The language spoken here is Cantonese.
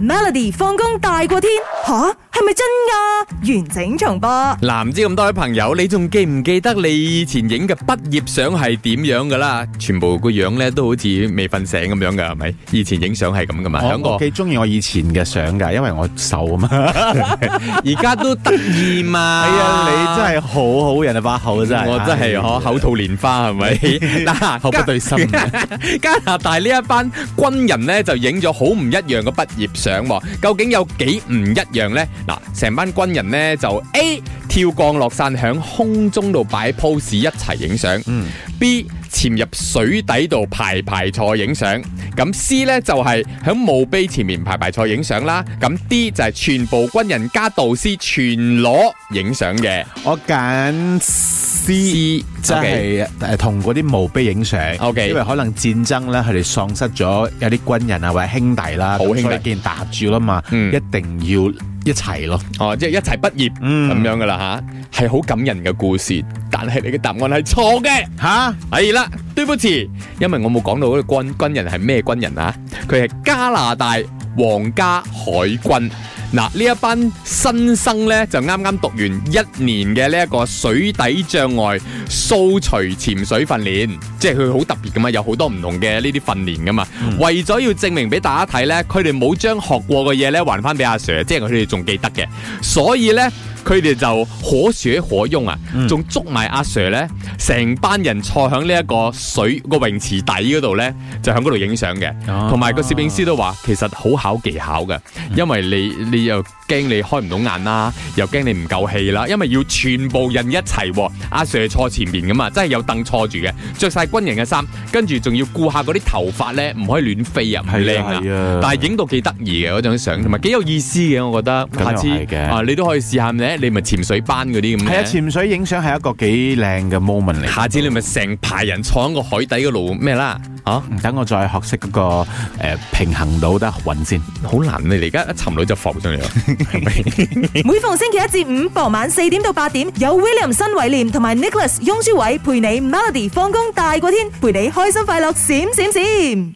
Melody 放工大過天，吓？係咪真噶？完整重播。嗱，唔知咁多位朋友，你仲記唔記得你以前影嘅畢業相係點樣噶啦？全部個樣咧都好似未瞓醒咁樣噶，係咪？以前影相係咁噶嘛？我幾中意我以前嘅相噶，因為我瘦啊嘛，而家都得意嘛。係啊，你真係好好人啊，把口真係。我真係，我口吐蓮花，係咪？嗱，口不對心。加拿大呢一班軍人咧就影咗好唔一樣嘅畢業相。究竟有幾唔一樣呢？嗱，成班軍人呢，就 A 跳降落傘，喺空中度擺 pose 一齊影相，嗯，B。潛入水底度排排坐影相，咁 C 呢，就係、是、喺墓碑前面排排坐影相啦。咁 D 就係全部軍人加導師全裸影相嘅。我揀選 C，即係同嗰啲墓碑影相。O Okay . K，因為可能戰爭呢，佢哋喪失咗有啲軍人啊或者兄弟啦，好所以既然搭住啦嘛，嗯、一定要。一齊咯，哦，即係一齊畢業咁、嗯、樣噶啦吓，係、啊、好感人嘅故事。但係你嘅答案係錯嘅吓，係啦哈，對不起，因為我冇講到嗰個軍軍人係咩軍人啊，佢係加拿大皇家海軍。嗱，呢一班新生呢，就啱啱讀完一年嘅呢一個水底障礙掃除潛水訓練，即係佢好特別㗎嘛，有好多唔同嘅呢啲訓練㗎嘛，嗯、為咗要證明俾大家睇呢，佢哋冇將學過嘅嘢呢還返俾阿 Sir，即係佢哋仲記得嘅，所以呢。佢哋就可住可用啊，仲捉埋阿、啊、Sir 咧，成班人坐響呢一個水個泳池底嗰度咧，就響嗰度影相嘅。同埋個攝影師都話，其實好考技巧嘅，因為你你又驚你開唔到眼啦，又驚你唔夠氣啦，因為要全部人一齊、啊。阿、啊、Sir 坐前邊咁啊，真係有凳坐住嘅，着晒軍人嘅衫，跟住仲要顧下嗰啲頭髮咧，唔可以亂飛入去靚啊，是啊但！但係影到幾得意嘅嗰張相，同埋幾有意思嘅，我覺得。下次嘅，咁又係嘅，啊，你都可以試下嘅。你咪潛水班嗰啲咁，係啊！潛水影相係一個幾靚嘅 moment 嚟。下次你咪成排人坐喺個海底嗰度咩啦？啊！等我再學識嗰、那個誒、呃、平衡到得穩先，好難你而家一沉落就浮出嚟啦。 每逢星期一至五傍晚四點到八點，有 William 新偉廉同埋 Nicholas 雍舒偉陪你 Melody 放工大過天，陪你開心快樂閃閃閃。閃閃閃閃